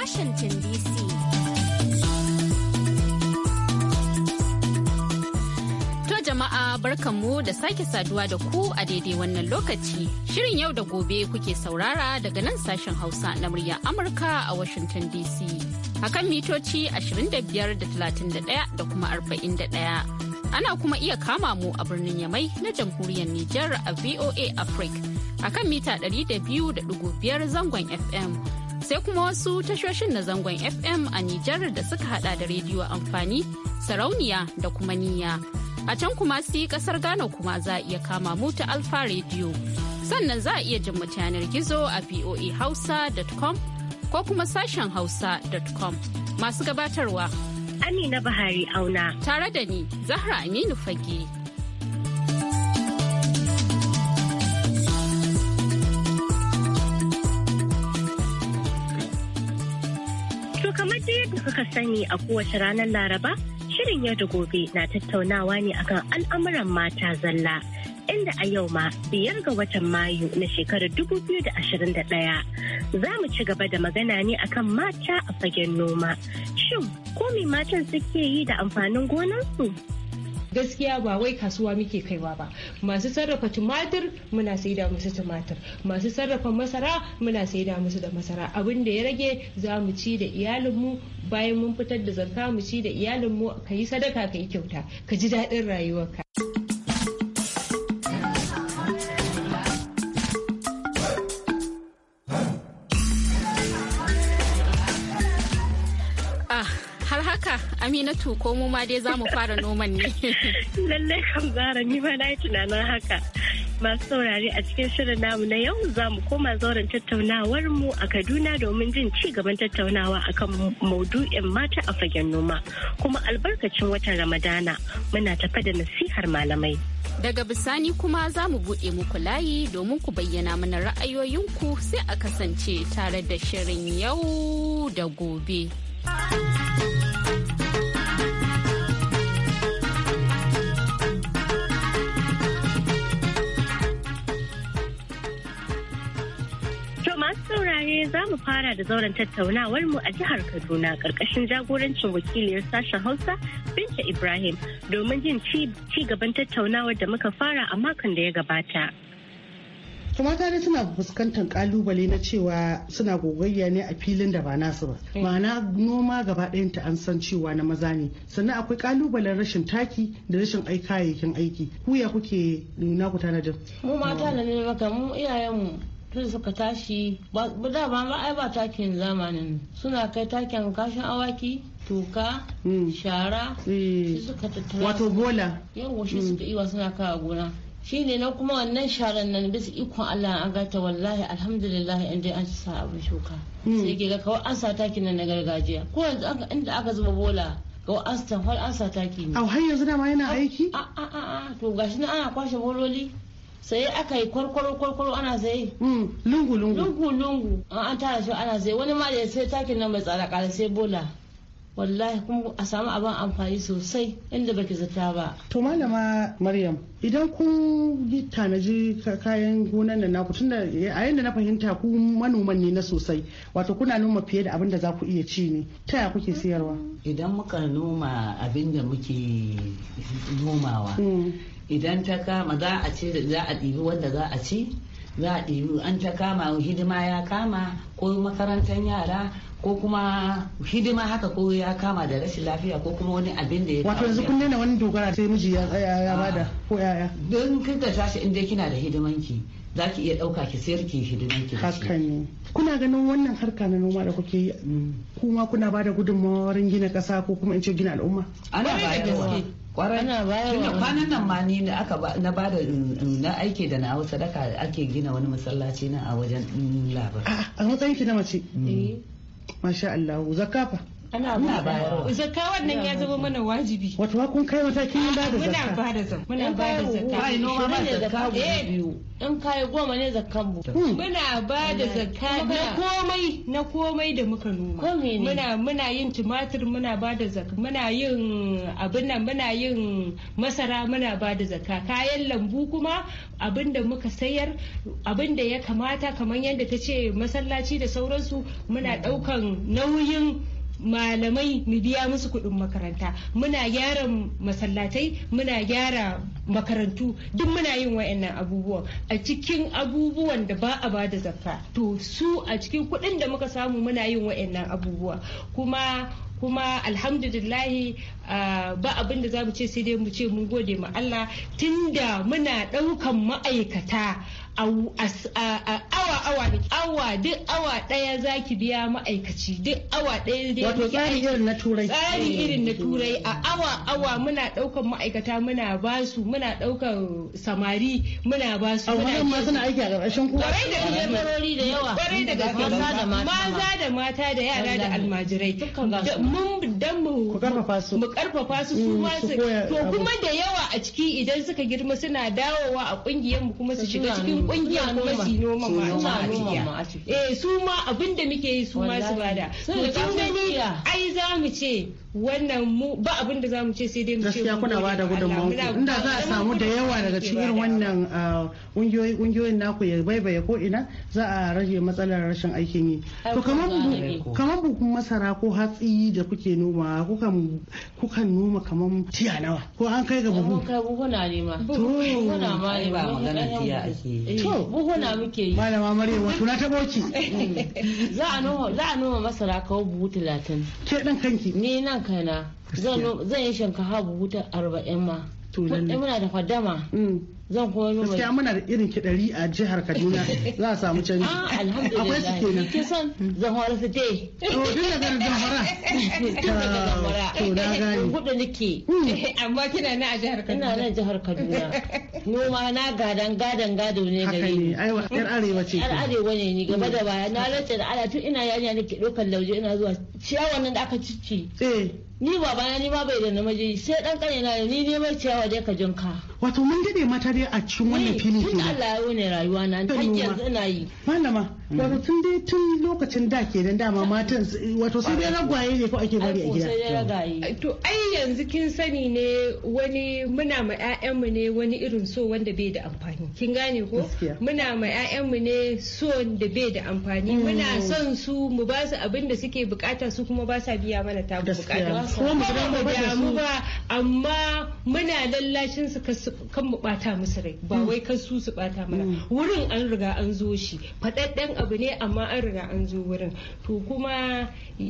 Washington DC. To jama'a barkanmu da sake saduwa da ku a daidai wannan lokaci. Shirin yau da gobe kuke saurara daga nan sashen Hausa na muryar Amurka a Washington DC. a kan mitoci 25 da 31 da kuma 41. ana kuma iya kama mu a birnin Yamai na jamhuriyar Nijar a VOA Africa a kan mita 200.5 zangon FM sai kuma wasu tashoshin na zangon FM a Nijar da suka hada da rediyo amfani, sarauniya da kuma niyya. A can kuma su yi kasar Ghana kuma za a iya kama mu Alfa rediyo Sannan za a iya jin yanar gizo a voahausa.com ko kuma sashen hausa.com. Masu gabatarwa. Amina Bahari Auna. Tare da ni, Zahra Aminu Fage. yadda kuka sani a kowace ranar Laraba, shirin yau da gobe na tattaunawa ne akan al'amuran mata zalla. Inda a yau ma biyar ga watan Mayu na shekarar 2021 za mu ci gaba da magana ne akan mata a fagen noma. Shin, ko matan suke yi da amfanin gonarsu? gaskiya ba wai kasuwa muke kaiwa ba masu sarrafa tumatir muna saida musu tumatir masu sarrafa masara muna saida musu da masara abin da ya rage za mu ci da iyalinmu bayan mun fitar da zarka mu ci da iyalinmu ka yi sadaka ka yi kyauta ka ji daɗin rayuwarka. na tuko mu ma dai za mu fara noman ne. Lallai kam zara ni ma na yi tunanin haka. Masu saurare a cikin shirin namu na yau za mu koma zauren tattaunawar mu a Kaduna domin jin ci gaban tattaunawa akan maudu'in mata a fagen noma kuma albarkacin watan Ramadana muna tafa da nasihar malamai. Daga bisani kuma za mu buɗe muku layi domin ku bayyana mana ra'ayoyinku sai a kasance tare da shirin yau da gobe. masu saurare za mu fara da zauren tattaunawar mu a jihar Kaduna karkashin jagorancin wakiliyar sashen Hausa Binta Ibrahim domin jin ci gaban tattaunawar da muka fara a makon da ya gabata. kuma tare suna fuskantar kalubale na cewa suna gogayya ne a filin da ba nasu ba mm. ma'ana noma gaba ta an san cewa na maza ne sannan akwai kalubalen rashin taki da rashin kayayyakin aiki ku ya kuke nuna ku tanadin mu mata na ne maka mu iyayenmu tun suka tashi ba da ba ma ai ba takin zamanin suna kai takin kashin awaki toka mm. shara mm. suka tattara wato bola yawa shi mm. suka iwa suna kawo gona shi ne na kuma wannan sharan nan bisa ikon Allah an gata wallahi alhamdulillah in dai an sa abin shuka sai ke ga kawai an sa takin nan na gargajiya ko yanzu inda aka zuba bola ga an sa an sa takin ne au har yanzu dama yana aiki a a a to gashi na ana kwashe bololi sai aka yi kwarkwaro kwarkwaro ana sayi mm, lungu lungu lungu lungu an tara shi ana sai wani ma da sai takin nan mai tsada kare sai bola wallahi kuma a samu abin amfani sosai inda baki zata ba to malama maryam idan kun yi tanaji kayan gonan nan naku tunda eh, a yanda na fahimta ku manoman ne na sosai wato kuna noma fiye da abin da za ku iya ci ne ta ya kuke siyarwa idan muka noma abin da muke nomawa mm. idan ta kama za a ce za a ɗibi wanda za a ci za a ɗibi an ta kama hidima ya kama ko makarantar yara ko kuma hidima haka ko ya kama da rashin lafiya ko kuma wani abin da ya wato yanzu kun daina wani dogara sai miji ya tsaya ya bada ko yaya don kika tashi in dai kina da hidimanki za ki iya ɗauka ki sayar ki hidimanki. ki haka ne kuna ganin wannan harka na noma da kuke yi mm. kuma kuna bada da gudunmawar gina ƙasa ko kuma in ce gina al'umma ana bayarwa kwarai tunda kwanan nan ma ni da na ba da na aiki da na hausa daka ake gina wani masallaci na a wajen mm, labar ah, a matsayin ki na mace mm. eh. masha Allah zakafa ana bayarwa zakka wannan ya zama mana wajibi wato kun kai matakin yin bada zakka muna bada zakka muna bada zakka ai noma ba zakka biyu in kai goma ne zakkan mu hmm. muna bada zakka na komai na komai da muka noma muna muna yin tumatir muna ba da zakka muna yin abin nan muna yin masara muna bada zakka kayan lambu kuma abin da muka sayar abin da ya kamata kamar yadda ta ce masallaci da sauransu muna daukan hmm. nauyin malamai mu biya musu kuɗin makaranta muna gyara masallatai muna gyara makarantu duk muna yin wayannan abubuwan a cikin abubuwan da ba a ba da zakka to su a cikin kuɗin da muka samu muna yin wayannan abubuwa kuma kuma alhamdulillahi ba abin da za mu ce sai dai mu ce mun gode ma Allah tunda muna ɗaukan ma'aikata awa awa da awa duk awa daya zaki biya ma'aikaci duk awa daya dai wato tsari irin na turai tsari irin na turai a awa awa muna daukan ma'aikata muna basu muna daukan samari muna basu muna ma suna aiki a ƙarƙashin kuma kwarai da lebarori da yawa kwarai da gaske maza da mata da yara da almajirai mun dan mu karfafa su mu karfafa su su mm, ma su to kuma da yawa a ciki idan suka girma suna dawowa a kungiyar mu kuma su shiga cikin kungiya kuma su noma ma eh su ma abin da muke yi su ma su bada to kin gani ai za mu ce wannan mu ba abin da zamu ce sai dai mu ce gaskiya kuna ba da gudunmawa inda za a samu da yawa daga cikin wannan kungiyoyi ah, naku ya baibaye ko ina za a rage matsalar rashin aikin yi to kamar kamar bukun masara ko hatsi da kuke noma kukan kukan noma kamar tiya nawa ko an kai ga buhu kai buhuna ne ma buhuna ma ne ba magana tiya ake eh, to buhuna muke yi malama maryam wato na tabo ki za a noma za a noma masara kawo buhu 30 ke dan kanki ni nan nan zan yi shinkafa buhu ta arba'in ma muna da kwadama mm. zan koyar mu gaskiya muna da irin kiɗari a jihar Kaduna za a samu canji ah, akwai su kenan kin san zahora su te to din da garin zahora to na gani gudu nake hmm. amma kina nan a jihar Kaduna ina nan jihar Kaduna Noma na gadan gadan gado ne gare ni ai yar arewa ce yar arewa ne ni gaba hmm. da baya na lace da ala tun ina yanya nake ɗaukar lauje ina zuwa ciyawan nan da aka cicci eh. ni babana ni ma bai da namiji sai dan kane na ni ne mai ciyawa dai ka jinka wato mun dade mata dai a cikin eh, wannan fili ke nan Allah ya wani rayuwa na hajjar ina yi malama wato tun dai tun lokacin da ke nan dama matan wato sai dai ragwaye ne ko ake bari a gida to ai yanzu kin sani ne wani muna ma mu ne wani irin so wanda bai da amfani kin gane ko muna ma mu ne so da bai da amfani mm. muna son su mu ba su abin da suke bukata su kuma ba sa biya mana ta bukata kuma mu ba amma muna lallashin su kasu kan mu bata musu rai ba mm. wai kan su su bata mana mm. wurin an riga an zo shi faɗaɗɗen abu ne amma an riga an zo wurin to kuma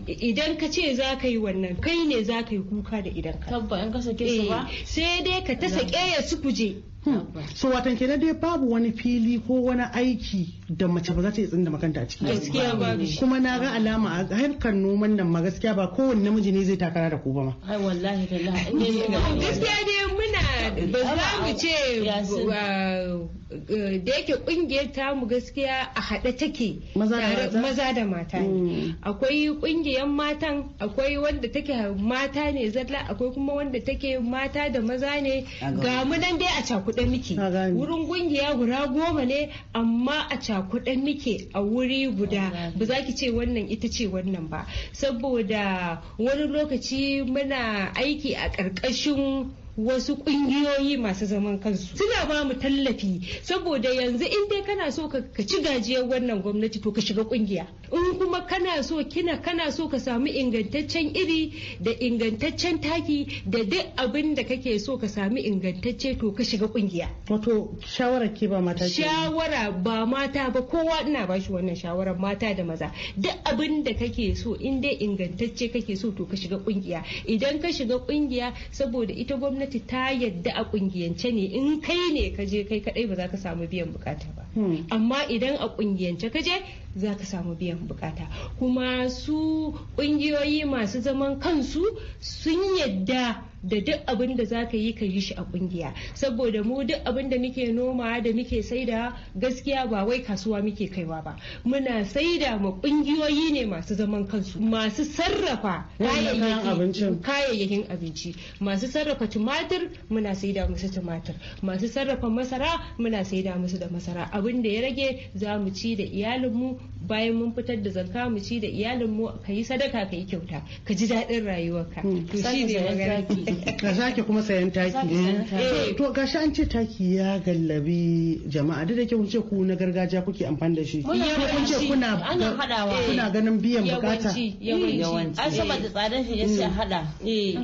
idan ka ce za ka yi wannan kai ne za ka yi kuka da idan ka tabba ka sake su ba eh, sai dai ka ta sake ya su kuje Hmm. so watan kenan dai babu wani fili ko wani aiki da mace ba za ta yi tsinda makanta a ciki gaskiya ba kuma na ga alama a harkar noman nan ma gaskiya ba kowane namiji ne zai takara da ku ba ma ai wallahi tallahi gaskiya dai muna ba za mu ce uh, uh, da yake kungiyar mu gaskiya a haɗe take maza da mata ne hmm. akwai kungiyar matan akwai wanda take mata ne zalla akwai kuma wanda take mata da maza ne ga mu nan dai a cakwai cakuɗe miki wurin ƙungiya guda goma ne amma a cakuɗe miki a wuri guda ba za ki ce wannan ita ce wannan ba saboda wani lokaci muna aiki a ƙarƙashin wasu kungiyoyi masu zaman kansu suna ba mu tallafi saboda yanzu in dai kana so ka ci gajiyar wannan gwamnati to ka shiga kungiya in kuma kana so kina kana so ka samu ingantaccen iri da ingantaccen taki da duk abin da kake so ka samu ingantacce to ka shiga kungiya wato shawara ke ba mata shawara ba mata ba kowa ina ba shi wannan shawara mata da maza duk abin da kake so in dai ingantacce kake so to ka shiga kungiya idan ka shiga kungiya saboda ita gwamnati gwamnati ta yadda a kungiyance ne in kai ne ka je kai kadai ba za ka samu biyan bukata ba hmm. amma idan a kungiyance ka je za ka samu biyan bukata kuma su kungiyoyi masu zaman kansu sun yadda da duk abin da zaka yi ka yi shi a kungiya saboda mu duk abin da muke noma da muke saida gaskiya ba wai kasuwa muke kaiwa ba muna saida ma kungiyoyi ne masu zaman kansu masu sarrafa kayayyakin abinci masu sarrafa tumatir muna saida musu tumatir masu sarrafa masara muna saida musu da masara abin da ya rage za mu ci da iyalin mu bayan mun fitar da zanka mu ci da iyalin mu ka yi sadaka ka yi kyauta ka ji daɗin rayuwarka hmm, to shi ne ka sake kuma sayan taki eh. Eh, to gashi an ce taki ya gallabi jama'a duk da ke ce ku na gargajiya kuke amfani da shi ko kun ce kuna eh, kuna ganin biyan bukata yawanci an da tsadan shi sai mm. hada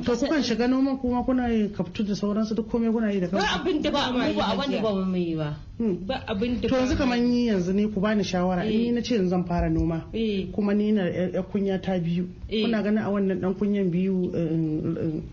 to kukan shiga noman kuma kuna kaftu da sauransu duk komai kuna yi da kanku ba abin da ba mu ba wanda ba mu yi ba mm. ba abin da to yanzu kaman ni yanzu ne ku bani shawara ni na ce yanzu zan fara noma kuma ni na kunya ta biyu kuna ganin a wannan dan kunyan biyu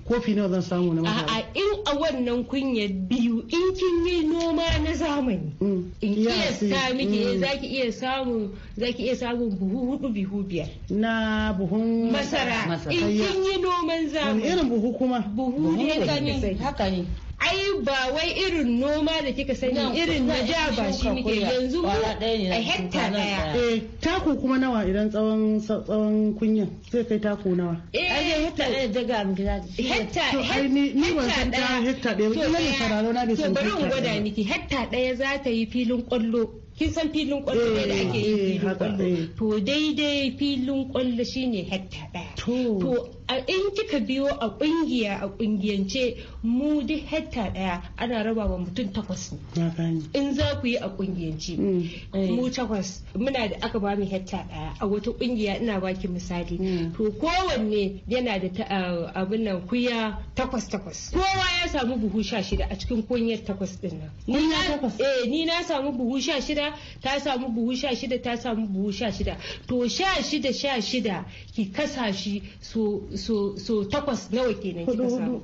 kofi na nawa zan samu na masara a in a wannan kunya biyu in kin yi noma na zamani mm. in iya sa miki eh, mm. zaki iya samun zaki iya samun buhu hudu buhu biyar na buhun masara in kin yi noman zamani Wani irin buhu kuma buhu ne haka ne ai ba wai irin noma da kika sani irin na ja ba shi muke yanzu mu a hekta daya eh, taku kuma nawa idan tsawon tsawon kunya sai kai taku nawa eh ai hekta daya daga amgila hekta ai ni ni ban san ta hekta daya ba ne sararo eh, na da san to bari gwada miki hekta daya za ta yi filin kwallo kin san filin kwallo ne da eh, ake yi filin kwallo to daidai filin kwallo shine hekta daya to a in kika biyo a kungiya a kungiyance mu duk hekta daya ana raba wa mutum takwas ne in za ku yi a kungiyance mm. mu eh. takwas muna da aka ba mu hekta daya a wata kungiya ina baki misali mm. to kowanne yana da abin nan kuya takwas takwas kowa ya samu buhu sha shida a cikin kunyar takwas din nan eh, ni na samu buhu sha shida ta samu buhu sha shida ta samu buhu sha shida to sha shida sha shida ki kasa shi so so takwas nawa kenan kika samu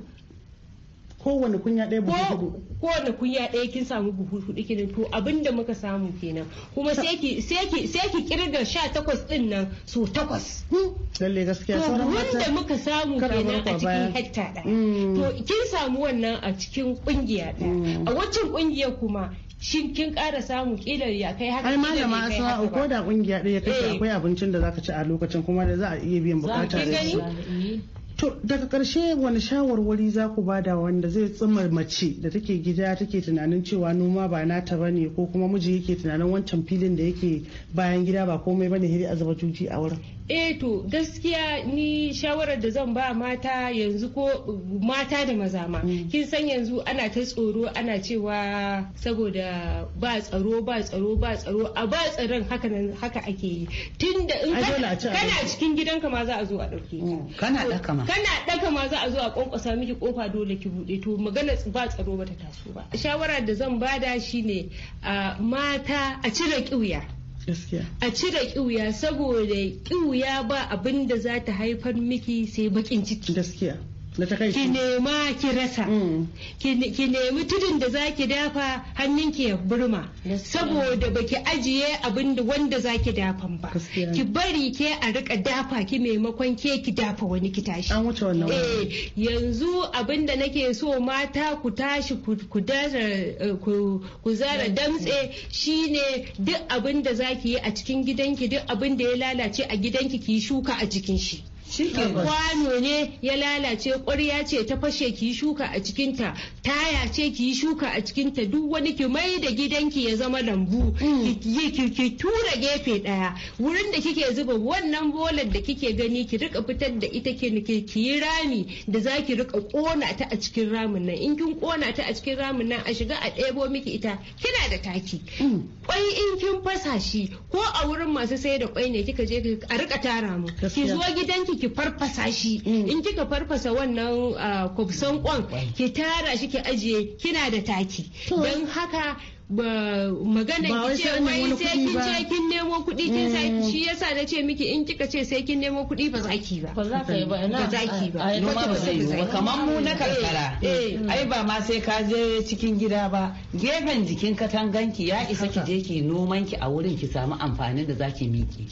kowane kunya ɗaya buhu hudu kowane kunya ɗaya kin samu buhu hudu kenan to abinda muka samu kenan kuma sai ki sai ki sai ki kirga 18 din nan so takwas lalle gaskiya sauran mata wanda muka samu kenan a cikin hekta ɗaya mm. to kin samu wannan a cikin kungiya ɗaya mm. a wacce kungiya kuma shin kin ƙara samun ƙilar ya kai haka ai malama asuwa ko da kungiya ɗaya kace eh. akwai abincin da zaka ci a lokacin kuma da za a iya biyan bukata da shi To daga karshe wani shawarwari za ku bada wanda zai tsima mace da take gida take tunanin cewa noma ba nata ba ne ko kuma miji yake tunanin wancan filin da yake bayan gida ba komai ba ne hiri a zuba juji a wurin. Eh to gaskiya ni shawarar da zan ba mata yanzu ko mata da maza ma. Mm. Kin san yanzu ana ta tsoro ana cewa saboda ba tsaro ba tsaro ba tsaro a ba tsaron haka haka ake yi. Tunda in kana cikin gidanka ma za a zo a ɗauke ka. Mm. Kana ɗaka ma. kana ɗaga ma za a zo a kwankwasa miki kofa dole ki buɗe to magana ba tsaro bata taso ba shawara da zan bada shine mata a cire ƙiuya a cire ƙiuya saboda ƙiuya ba abinda da za ta haifar miki sai bakin ciki gaskiya na ta kai ki nema ki rasa mm. ki nemi tudun da za ki dafa hannun ki ya burma saboda ba ki ajiye abin da wanda ki dafa ba ki bari ke a rika dafa ki maimakon ke ki dafa wani ki tashi an wuce wannan eh yanzu abin da nake so mata ku tashi ku dara eh, ku zara damtse shine duk abin da za ki yi a cikin gidanki duk abin da ya lalace a gidanki ki shuka a cikin shi kwano ne ya lalace ƙwarya ce ta fashe ki shuka a cikinta taya ce ki shuka a cikinta duk wani ki mai da gidanki ya zama lambu mm. ki tura gefe daya wurin da kike zuba wannan bolar da kike gani ki rika fitar da ita ki yi rami da za ki rika kona ta a cikin ramin nan in kin kona ta a cikin ramin nan a shiga a ɗebo miki ita kina da taki mm. kwai in kin fasa shi ko a wurin masu sai da kwai ne kika je a rika tara mu ki zo gidanki ki farfasa shi mm. in kika farfasa wannan ah, kwafsan kwan ki tara shi ki ajiye kina da taki don haka magana ki ce wai sai kin je kin nemo kuɗi kin sai mm. shi yasa na ce miki in kika ce sai kin nemo kuɗi ba za ki ba ba za ka yi ba ba za ki ba noma ba zai yi ba kamar mu na karkara eh, eh. ai ba ma sai ka je cikin gida ba gefen jikin katanganki ya isa ki je ki noman ki a wurin ki samu amfanin da zaki miki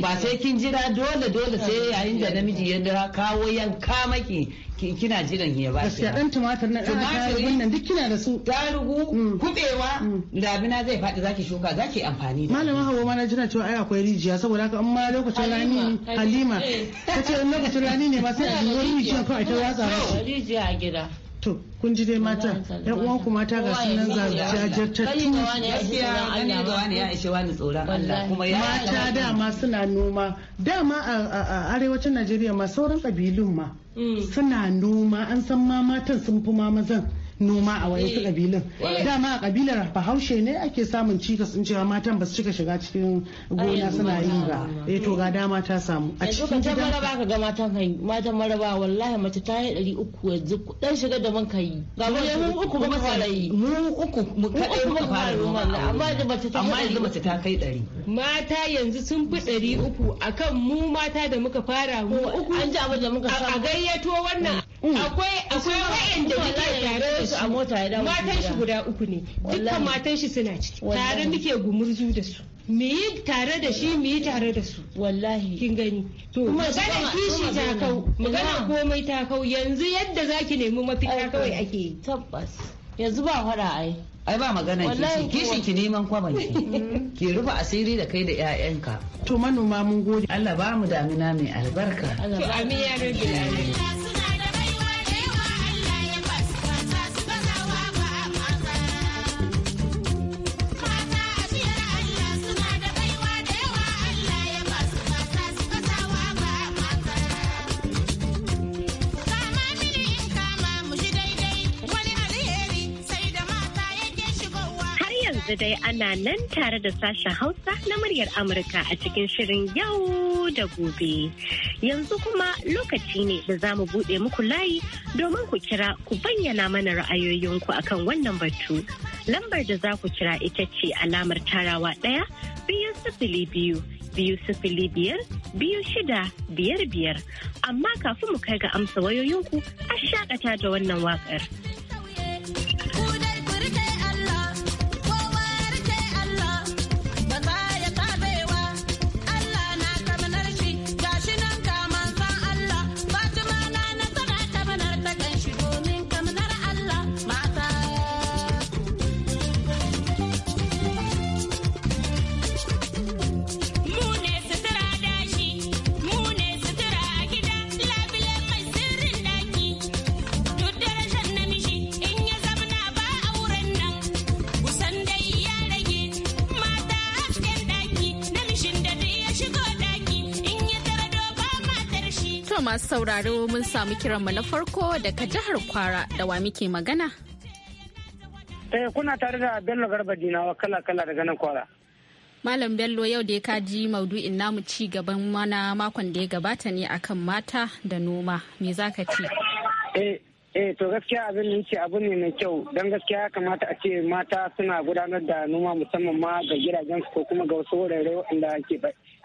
ba sai kin jira dole dole sai yayin da namiji ya kawo yanka maki kina jiran ya ba gaskiya dan tumatir nan tumatir nan duk kina da su tarugu mm. kubewa mm. na zai faɗi zaki shuka zaki amfani da malama hawa ma na jira cewa ai akwai rijiya saboda haka amma lokacin rani halima lokacin rani ne ma sai a yi rijiya ko ta watsa rijiya a gida To kun ji dai mata yan uwan ku mata ga sunan ya ishe wani tsoron Allah kuma ya mata dama suna noma dama a arewacin Najeriya ma sauran kabilun ma mm. suna noma an san ma matan sun fi ma mazan noma a wayansu eh. kabilan eh. dama a kabilar bahaushe ne ake samun cikas in cewa matan ba su cika shiga cikin gona suna yi ba eh to ga dama ta samu a cikin gida ba ka ga matan kai matan maraba wallahi mace ta yi ɗari uku yanzu dan shiga da man kai ga mu uku ba fara yi mu uku mu kadai muka fara noma amma da mace ta amma yanzu mace ta kai ɗari mata yanzu sun fi ɗari uku akan mu mata da muka fara mu an ji abin da muka fara a gayyato wannan akwai akwai wa'anda ke tare su a mota ya dawo matan shi guda uku ne dukkan matan shi suna ciki tare muke gumurzu da su me yi tare da shi me yi tare da su wallahi kin gani to magana kishi ta kau magana komai ta kau yanzu yadda zaki nemi mafita kawai ake yi tabbas yanzu ba fara ai ai ba magana kishi kishin ki neman kwaban ki mm. ki rufe asiri da kai da ƴaƴanka to manoma mun gode Allah ba mu damina mai albarka Allah ba mu ya rabbi dai ana nan tare da sashen Hausa na muryar Amurka a cikin shirin yau da gobe. Yanzu kuma lokaci ne da za mu buɗe muku layi domin ku kira ku bayyana mana ra'ayoyinku akan wannan batu. Lambar da za ku kira ita ce alamar tarawa ɗaya biyu sifili biyu biyu sifili biyar biyu shida biyar biyar. Amma kafin mu kai ga amsa wayoyinku a shaƙata da wannan waƙar. masu sauraro mun samu kiranmu na farko daga jihar Kwara da wa muke magana. Eh kuna tare da Bello Garba Dinawa kala kala daga nan Kwara. Malam Bello yau da ya kaji maudu'in namu ci gaban mana makon da ya gabata ne akan mata da noma. Me za ce? Eh eh to gaskiya abin da yake abu ne mai kyau dan gaskiya ya kamata a ce mata suna gudanar da noma musamman ma ga gidajensu ko kuma ga wasu wurare waɗanda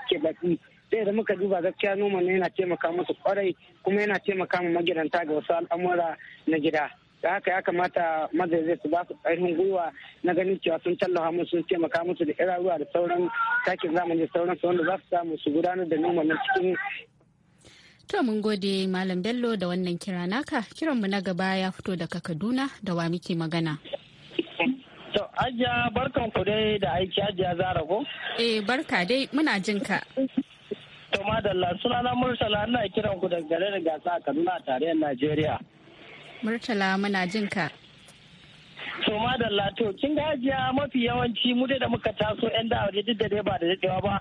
ke baki. sai da muka duba gaskiya noma ne yana taimaka musu kwarai kuma yana taimaka ma magidanta ga wasu al'amura na gida da haka ya kamata mazaizai su ba su ƙarfin gwiwa na ganin cewa sun tallafa musu sun taimaka musu da iraruwa da sauran takin zamani da sauran wanda za su samu su gudanar da noma nan cikin To mun gode Malam Bello da wannan kira naka kiranmu na gaba ya fito daga Kaduna da wa muke magana. To, Ajiya barkan ku dai da aiki Ajiya Zara ko? Eh, barka dai muna jin To madalla na Murtala ana kiran ku daga garin gasa a Kaduna a tarayyar Najeriya. Murtala muna jin ka. To madalla to kin gajiya mafi yawanci mu da muka taso 'yan da duk da dai ba da daɗewa ba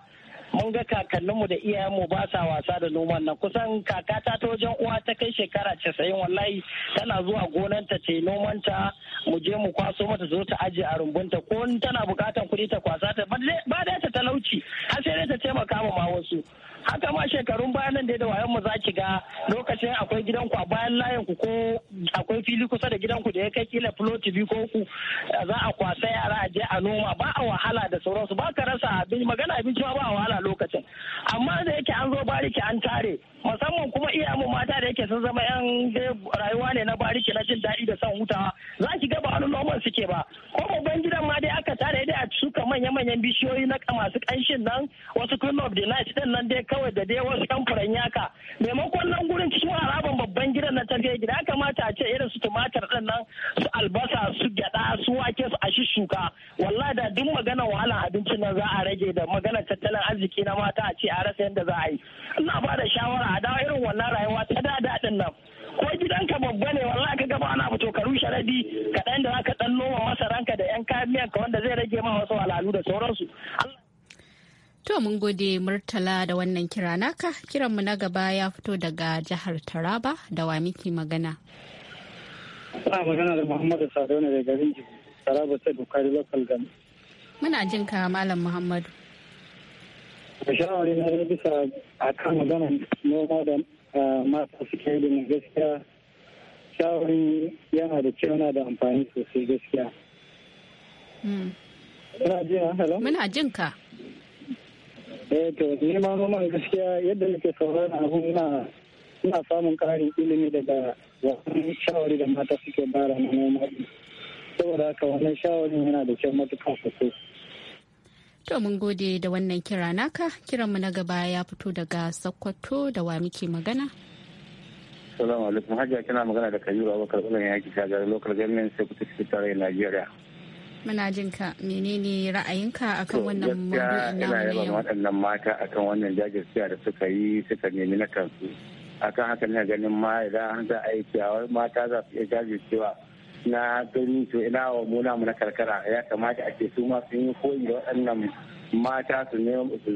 mun ga kakanninmu da iyayenmu ba sa wasa da noman nan kusan kakata ta wajen uwa ta kai shekara casa'in wallahi tana zuwa gonanta ce nomanta mu je mu kwaso mata zo ta ajiye a rumbunta ko tana bukatan kuɗi ta kwasa ta ba da ta talauci har sai dai ta taimaka ma wasu haka ma shekarun bayan nan da wayan mu za ki ga lokacin akwai gidan ku a bayan layin ku ko akwai fili kusa da gidan ku da ya kai kila plot bi ko ku za a kwasa yara a je a noma ba a wahala da sauransu ba ka rasa abin magana abinci ba a wahala lokacin amma da yake an zo bariki an tare musamman kuma iyamu mata da yake sun zama yan rayuwa ne na bariki na jin daɗi da son hutawa za ki ga ba wani noman suke ba ko babban gidan ma dai aka tare dai a shuka manya-manyan bishiyoyi na masu ƙanshin nan wasu queen of the night din nan dai kawai da dai wasu yan yaka maimakon nan gurin cikin haraban babban gidan na tafiya gida kamata a ce irin su tumatir din nan su albasa su gyada su wake su a shuka wallahi da duk magana wahalar abincin nan za a rage da magana tattalin arziki na mata a ce a rasa yadda za a yi ina ba da shawara a dawo irin wannan rayuwa ta da daɗin nan ko gidanka babba ne wallahi ka gaba ana fito ka rushe kaɗan da za ka ɗan noma masaranka da 'yan kayan miyanka wanda zai rage ma wasu walalu da sauransu. To mun gode Murtala da wannan kira naka kiranmu na gaba ya fito daga jihar Taraba da wa miki magana. Ana magana da Muhammadu sadau ne da garin Taraba sai Bukari Local Gani. Muna jin ka Malam Muhammadu. Da shawari na bisa a kan magana noma da ah, mata suke yi da gaskiya shawari yana da kyau yana da amfani sosai gaskiya. Hmm. Muna jin ka. eh to ni ma noma gaskiya yadda nake sauraron abun na ina samun karin ilimi daga wani shawari da mata suke bara na noma saboda haka wannan shawari yana da kyau matuka sosai To mun gode da wannan kira naka kiranmu na gaba ya fito daga sakkwato da wa muke magana. Salamu alaikum kina magana da Kabiru Abubakar Ulan yaki shagar local government secretary tarayyar Najeriya. muna jin ka menene ra'ayinka akan wannan maudu'in na yau waɗannan mata akan wannan jajirciya da suka yi suka nemi na kansu akan haka na ganin ma idan za a yi ciyawa mata za su iya jajircewa na gani to ina wa muna mu na karkara ya kamata a ce su ma sun yi koyi da waɗannan mata su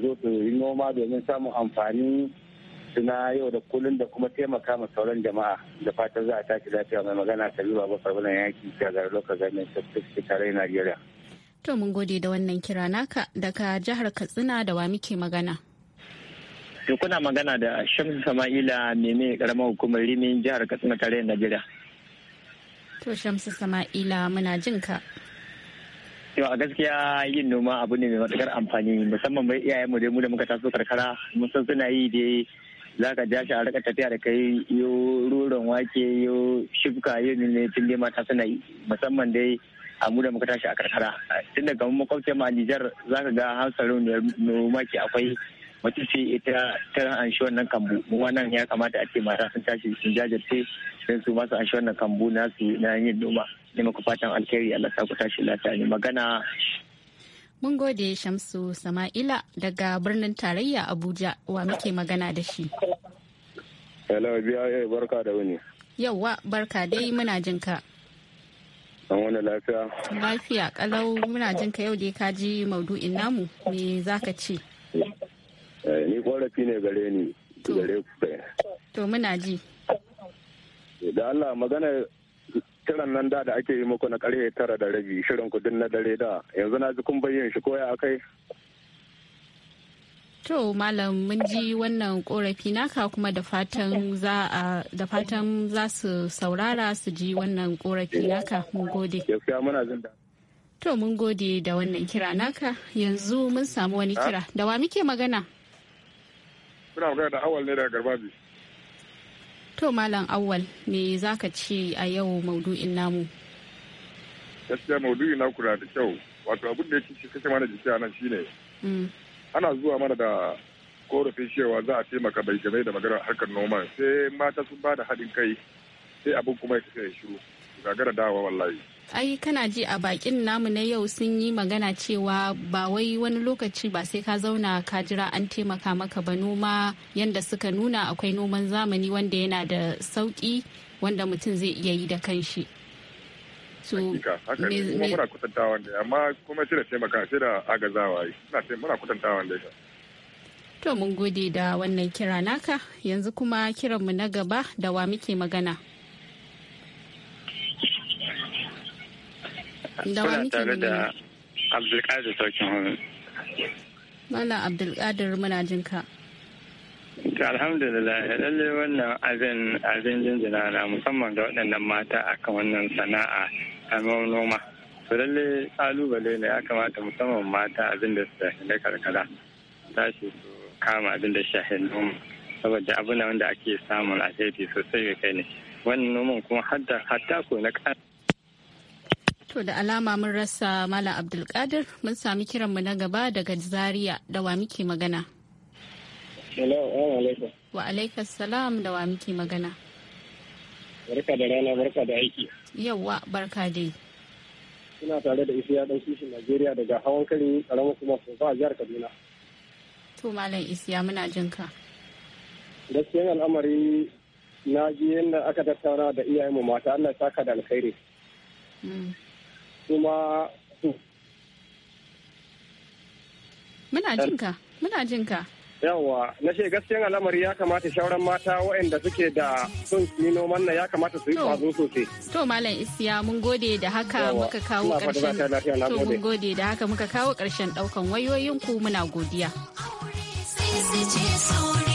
zo su yi noma domin samun amfanin su na yau da kullum da kuma taimaka ma sauran jama'a da fatan za a tashi lafiya mai magana ta sabi baba farbunan yaki shagar lokacin gamin sassafi tare Najeriya. To mun gode da wannan kira naka daga jihar Katsina da wa muke magana. Sai kuna magana da Shamsu Sama'ila Meme karamar hukumar Rimin jihar Katsina tare Najeriya. To Shamsu Sama'ila muna jin ka. Yau a gaskiya yin noma abu ne mai matukar amfani musamman mai iyayenmu dai mu da muka taso karkara mun san suna yi dai za ka ja shi a rika tafiya da kai yo ruran wake yo shifka yo ne tun dai mata suna yi musamman dai a mu da muka tashi a karkara tun da kamar makwabcin ma Nijar za ka ga hansarin noma ke akwai mace ce ita ta anshi wannan kambu wannan ya kamata a ce mata sun tashi sun jajirce don su masu anshi wannan kambu su na yin noma ne muku fatan alkhairi Allah sa ku tashi lafiya ne magana Mun gode Shamsu Sama'ila daga birnin tarayya Abuja wa muke magana da shi. Hello, biya barka da wuni. Yauwa, barka dai muna jin ka. An wani lafiya? Lafiya, kalau muna jin ka yau dai ka ji maudu'in namu me za ka ce? Eh, ni korafi ne gare ni, gare ku To muna ji. Da Allah magana kiran nan da da ake yi muku na karfe tara da rabi shirin kudin na dare da yanzu na ji kun bayyana shi koya akai to malam mun ji wannan korafi naka kuma da fatan za su saurara su ji wannan korafi naka mun gode da to mun gode da wannan kira naka yanzu mun samu wani kira da wa muke magana muna magana da awal ne daga garbabi To Malam Awwal me za ka ce a yau maudu'in namu? Gaskiya maudu'in na kura da kyau. Wato abin da ya ci kashe mana jiki a nan ne. Mm. Ana zuwa mana da korafin cewa za a taimaka bai game da magana harkar noma sai mata sun ba da haɗin kai sai abin kuma ya shiru. Gagara dawa wallahi. ai kana ji a bakin namu na yau sun yi magana cewa ba wai wani lokaci ba sai ka zauna ka jira an taimaka maka ba noma yanda suka nuna akwai noman zamani wanda yana da sauki wanda mutum zai iya yi da kanshi da kuma da da muna da to mun gode da wannan kira naka yanzu kuma kiranmu na gaba da wa muke magana Kuna tare da Abdulkadir Sarkin Hulu. Malam Abdulkadir muna jin ka. Alhamdulillah, lalle wannan abin abin jinjina na musamman da waɗannan mata a kan wannan sana'a a noma. To lalle kalubale ne ya kamata musamman mata abin da su na karkara tashi su kama abin da shahin noma. Saboda abin na wanda ake samun alheri sosai ga kai ne. Wannan noman kuma hatta ko na ƙasa To da alama mun rasa Malam Abdulkadir mun sami kiranmu na gaba daga Zaria da wa muke magana. Wa alaikas salam da wa muke magana. Barka da rana barka da aiki. Yawwa barka dai. Ina tare da ya dan kishin Najeriya daga hawan kare karamar kuma a jihar Kaduna. To Malam Isiya muna jin ka. Gaskiyan al'amari na ji yadda aka tattauna da iyayenmu mata Allah saka da alkhairi. Mm. kuma muna jinka muna jinka yawa na ce gaskiyan al'amari ya kamata shauran mata waɗanda suke da sun yi noman na ya kamata su yi kwazo sosai. To Malam Isiya mun gode da haka muka kawo ƙarshen to mun gode da haka muka kawo ƙarshen ɗaukan wayoyinku muna godiya. Sai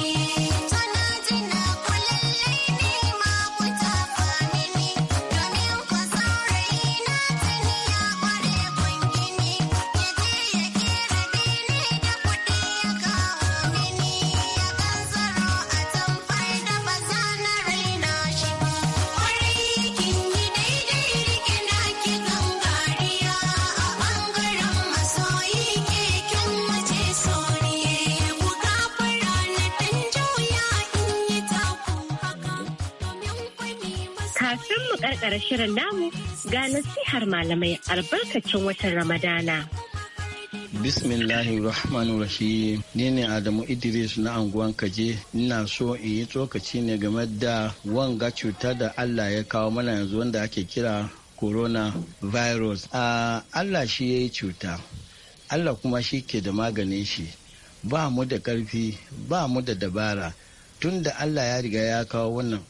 karkara shirin namu ga nasihar malamai albarkacin watan Ramadana. Bismillahirrahmanirrahim ni ne adamu idris na anguwan kaje ina so in yi tsokaci ne game da wanga cuta da allah ya kawo mana yanzu wanda ake kira corona virus a allah shi ya yi cuta allah kuma shi ke da maganin shi ba mu da karfi ba mu da dabara tunda allah ya riga ya kawo wannan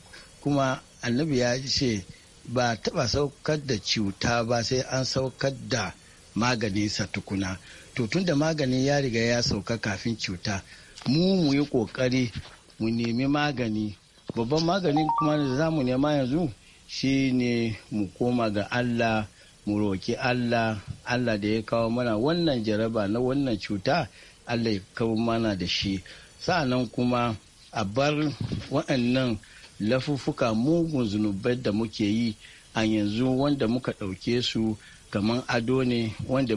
kuma annabi ya ce ba taɓa saukar da cuta ba sai an saukar da maganinsa tukuna to tun da maganin ya riga ya sauka kafin cuta mu mu yi ƙoƙari mu nemi magani babban maganin kuma da za mu nema yanzu shi ne mu koma ga allah mu roki allah allah da ya kawo mana wannan jaraba na wannan cuta allah ya kawo mana da shi sa'annan kuma a bar waɗannan lafuffuka mugun zunubai da muke yi a yanzu wanda muka ɗauke su kamar ado ne wanda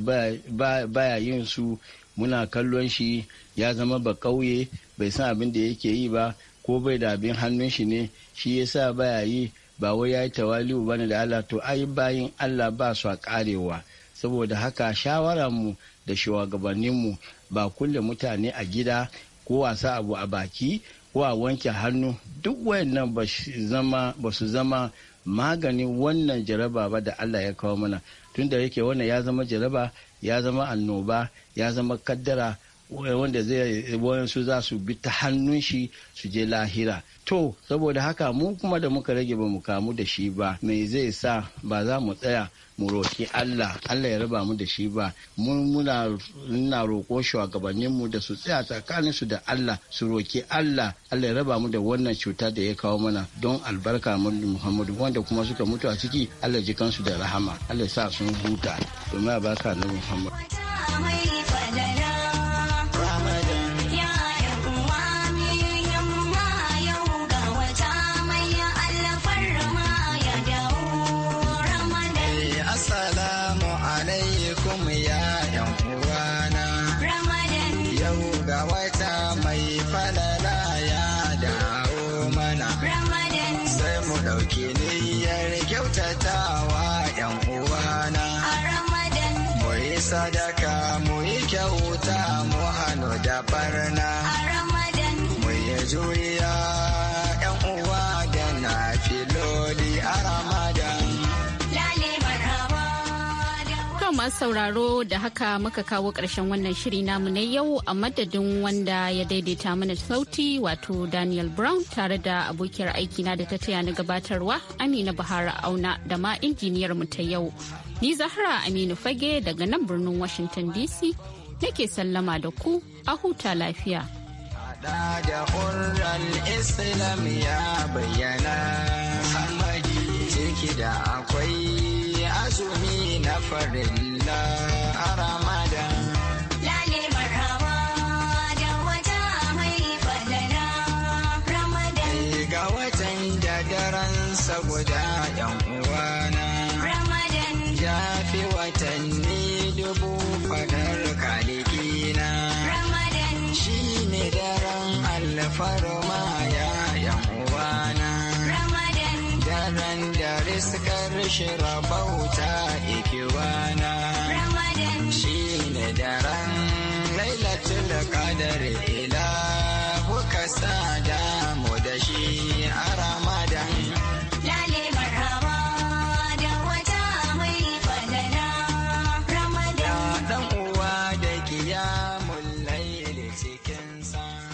baya yin su muna kallon shi ya zama ba ƙauye bai san abin da yake yi ba ko bai da abin hannun shi ne shi ya sa baya yi ba wai ya yi tawali'u ba da Allah to ai bayin Allah ba su a karewa saboda haka shawara mu da shugabanninmu ba kulle mutane a gida ko wasa abu a baki wa wanke hannu duk wayannan ba su zama maganin wannan jaraba ba da Allah ya kawo mana tunda yake wannan ya zama jaraba ya zama annoba ya zama kaddara wanda zai eh, wayansu za su bi ta hannun shi su je lahira to saboda haka mu kuma da muka rage ba mu kamu da shi ba me zai sa ba za mu tsaya mu roki Allah Allah ya raba mu da shi ba mun muna nuna roƙo shugabannin mu da su tsaya tsakanin su da Allah su roki Allah Allah ya raba mu da wannan cuta da ya kawo mana don albarka Muhammadu wanda kuma suka mutu a ciki Allah ji kansu da rahama Allah ya sa sun huta domin albarka na Muhammadu sauraro da haka muka kawo ƙarshen wannan shiri namu na yau a madadin wanda ya daidaita mana sauti wato Daniel Brown tare da abokiyar aikina da ta taya ni gabatarwa Amina Bahara Auna da ma injiniyar mu ta yau. Ni Zahra Aminu Fage daga nan birnin Washington DC nake sallama da ku a huta lafiya. da Islam ya da bishira bauta ikwana shi ne daren lailatul qadari